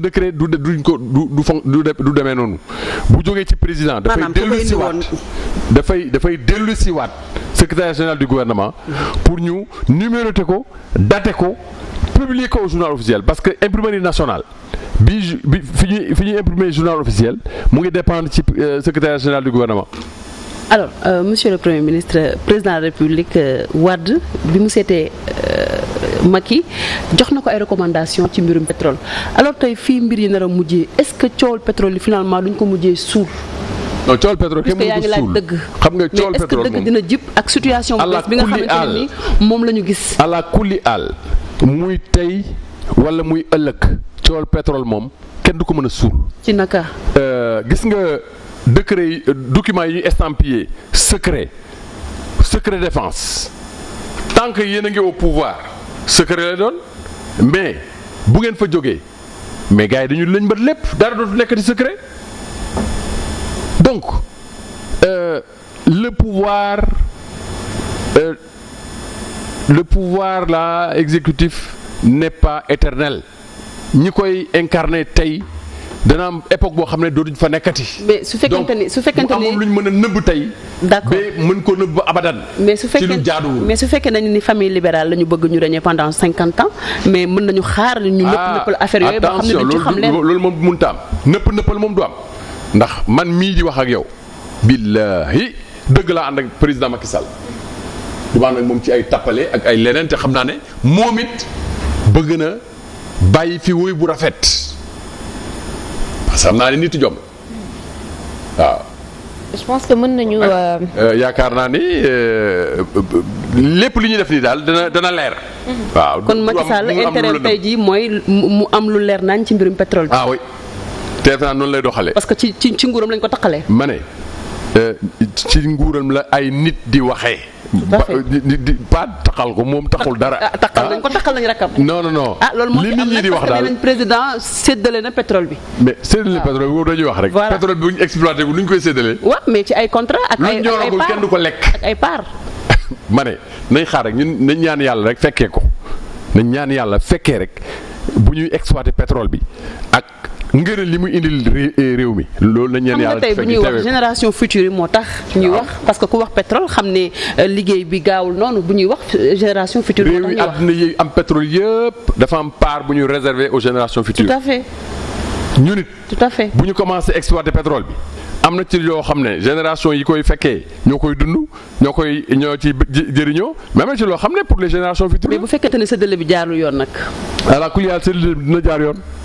décret du duñ ko du du fon du du demee noonu bu jógee ci président dafay dellu si waat dafay dafay dellu si waat secrétaire général du gouvernement pour ñu numéroter ko dater ko publier ko au journal officiel parce que imprimerie nationale bi fi ñu fi ñuy imprimer journal officiel mu ngi dépendre ci euh, secrétaire général du gouvernement alors euh, monsieur le premier ministre président de la république euh, Wade bi mu seetee euh, Macky jox na ko ay recommandations ci mbirum pétrole alors tey fii mbir yi nar a mujjee est-ce que coowal pétrole yi finalement duñ ko mujjee suul. non coowal pétrole kenn mënu ko suul xam nga coowal pétrole moom dëgg dina jib ak situation. bi nga xamante ni moom la ñu gis. ala kulli aal muy tey wala muy ëllëg coowal pétrole moom kenn du ko mën a suul. ci naka. Euh, gis nga décret yi documents yi estampillé secret secret défense tant que yéen a ngi au pouvoir. secret la doon mais bu ngeen fa jógee mais gars dañu lëñbët lépp dara dootu nekk di secret donc euh, le pouvoir euh, le pouvoir là exécutif n'est éternel ñi koy incarné tey dana am époque boo xam ne dootuñ fa nekkati. mais su fekkente ni su fekkente ni amoon lu ñu mën a nëbb tey. d'accord ba mën koo nëbb abadan. mais su fekkee ci lu mais su fekkee nañu ni famille libérale la ñu bëgg ñu régner pendant cinquante ans mais mën nañu xaar ñu. nëpp ah, nëppal affaire yooyu ba xam ne duñ ci xam leen loolu moom mënut a am nëpp nëppal moom du am ndax man mii di wax ak yow. billahi dëgg laa ànd ak président Macky Sall du nag moom ci ay tappale ak ay leneen te xam naa ne moom it bëgg na bàyyi fi wuy bu rafet parce que xam naa ne waaw. je que mën nañu. Euh, euh, yaakaar naa ni euh, lépp li ñuy def nii daal dana dana leer. Mhm. waaw kon Macky Sall intérêt tey jii mooy mu am lu leer naan ci mbirum pétrole bi. Ah te oui naa noonu lay doxalee. parce que ci ci ci nguuram lañ ko taqalee. ma ne. Euh, ci nguuram la ay nit di waxee. di pas taxal ko moom taxul dara. Ah, takkal nañ ko ah. taxal nañ rakkam. non non non. ah loolu li nit ñi di wax daal président séddale na pétrole bi. mais séddale ah. pétrole bi boobu dañuy wax rek. pétrole bi bu ñu exploité ko nu ñu koy séddalee. waaw mais ci ay contrat ak ay par kenn du ko lekk. ay par. ma ne nañ xaar rek ñu nañ ñaan yàlla rek fekkee ko nañ ñaan yàlla fekkee rek bu ñuy exploité pétrole bi ak. ngëneel li mu indil eh, réew mi. loolu la ñu leen yàlla tey bu ñuy wax génération future yi moo tax. ñuy wax parce que ku wax pétrole xam ne euh, liggéey bi gaawul noonu bu ñuy wax génération future. moo tax am pétrole yëpp dafa am part bu ñu réservé aux générations futures. tout à ñu nit tout à bu ñu commencé exploiter pétrole bi. am na ci yoo xam ne génération yi koy fekkee ñoo koy dund ñoo koy ñoo ci jëriñoo mais am na ci loo xam ne pour les générations futures. mais bu fekkente ne séddale bi jaarul yoon nag. voilà ku yàlla séddale bi dina jaar yoon.